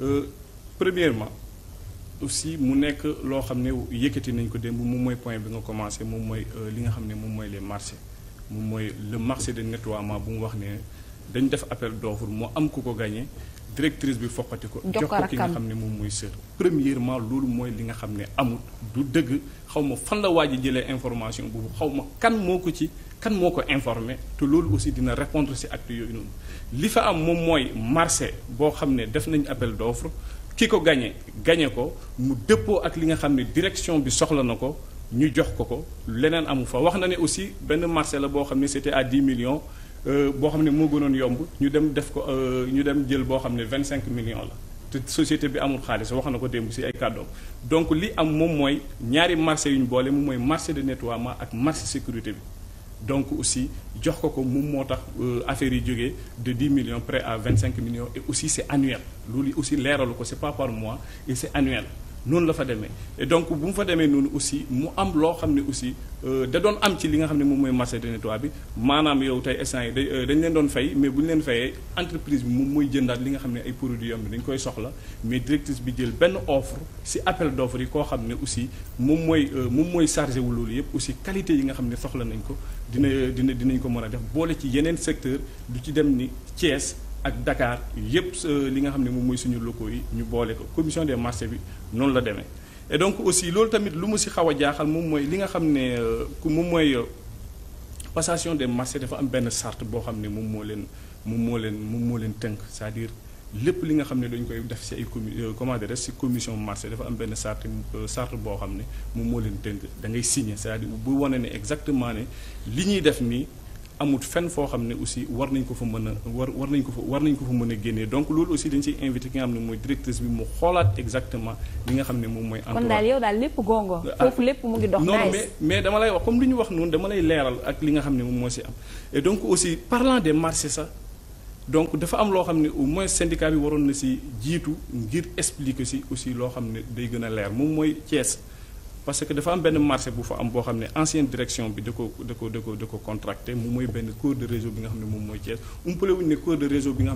Euh, premièrement aussi mu nekk loo xam ne yëkkati nañ ko démb moom mooy point bi nga commencé moom mooy euh, li nga xam ne moom mooy les marchés moom mooy le marché de nettoiement bu mu wax nee dañu def appel d'offre moo am ku ko gagné directrice bi foqati ko jox ko ki nga xam ne moom mooy seet premièrement loolu mooy li nga xam ne amul du dëgg xaw ma fan la waa ji jëlee information boobu xaw ma kan moo ko ci kan moo ko informé te loolu aussi dina répondre si acte yooyu li fa am moom mooy marché boo xam ne def nañ appel d'offre ki ko gagné gagné ko mu dëppoo ak li nga xam ne direction bi soxla na ko ñu jox ko ko leneen amu fa wax na ne aussi benn marché la boo xam ne c'était à 10 millions Euh, boo xam ne moo gënoon yomb ñu dem def ko euh, ñu dem jël boo xam ne vingt cinq million la te société bi amul xaalis wax na ko démb si ay kàddoom donc li am moom mooy ñaari marché yu ñu boole moom mooy marché de nettoiement ak marché sécurité bi donc aussi jox ko ko moom moo tax euh, affaire yi jógee de 10 millions près à 25 millions et aussi c'est annuel loolu aussi leeralu ko c'est pas par mois et c'est annuel noonu la fa demee et donc bu mu fa demee noonu aussi mu am loo xam ne aussi euh, da doon am ci li nga xam ne moom mooy marché de nettoie bi maanaam yow tey instant yi euh, dañ leen doon fay mais bu ñu leen fayee entreprise bi moom mooy jëndaat li nga xam ne ay produits yoo xam dañ koy soxla mais directrice bi jël benn offre si appel d'offre yi koo xam ne aussi moom mooy euh, moom mooy chargé wu loolu yëpp aussi qualité yi nga xam ne soxla nañ ko dina dina dinañ ko mën a def boole ci yeneen secteur du ci dem ni Thiès ak Dakar yëpp euh, li nga xam ne moom mooy suñu locaux yi ñu boole ko commission des marchés bi noonu la demee. et aussi loolu tamit lu mu si xaw a jaaxal moom mooy li nga xam ne euh, moom mooy euh, passation de marchés dafa am benn charte boo xam ne moom moo leen moom moo leen moom moo leen tënk c'est-à-dire. lépp li nga xam ne dañ koy def ci ay commu comment dirais ci commission marché dafa am benn charte charte boo ne moom moo tënk da ngay signer c'est-à-dire bu wane ne exactement ne li ñuy def nii amut fen foo xam ne aussi war nañ ko fa mën a war war nañ ko fa war nañ ko fa mën a génnee donc loolu aussi dañ ciy invité ki nga xam ne mooy directrice bi mu xoolaat exactement li nga xam ne moom mooy. entourage daal yow daal lépp gongo. Ah. foofu lépp mu ngi dox. non mais dama lay wax comme li ñu wax noonu dama lay leeral ak li nga xam ne moom moo si am. et donc aussi parlant de marchés sax donc dafa am loo xam ne au moins syndicat bi waroon na si jiitu ngir expliquer si aussi loo xam ne day gën a leer moom mooy Thiès. parce que dafa am benn marché bu fa am boo xam ne ancienne direction bi da ko da ko da ko da ko contracté moom mooy benn cours de réseau bi nga xam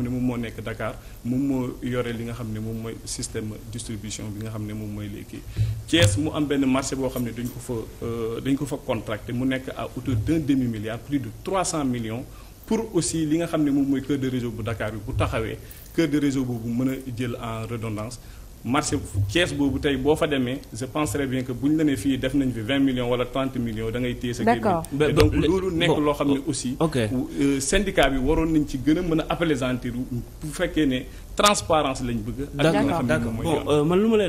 ne moom mooy Thiès moo yore li nga xam ne moom mooy système distribution bi nga xam ne moom mooy léegi Thiès mu am benn marché boo xam ne dañ ko fa euh, dañ ko fa contracté mu nekk à hauteur d'un demi milliard plus de 300 millions pour aussi li nga xam ne moom mooy cœur de réseau bu Dakar bi bu taxawee cœur de réseau boobu mën a jël en redondance marché kees boobu tey boo fa demee je pense très bien que bu la nee fii def nañ fi 20 millions wala 30 millions da ngay téye sa gémmiñ donc loolu nekk loo xam ne aussi euh, syndicat bi waroon nañ ci gën a mën a appeler bu fekkee ne transparence lañ bëgg ak nga xam ne mooy euh, ma lay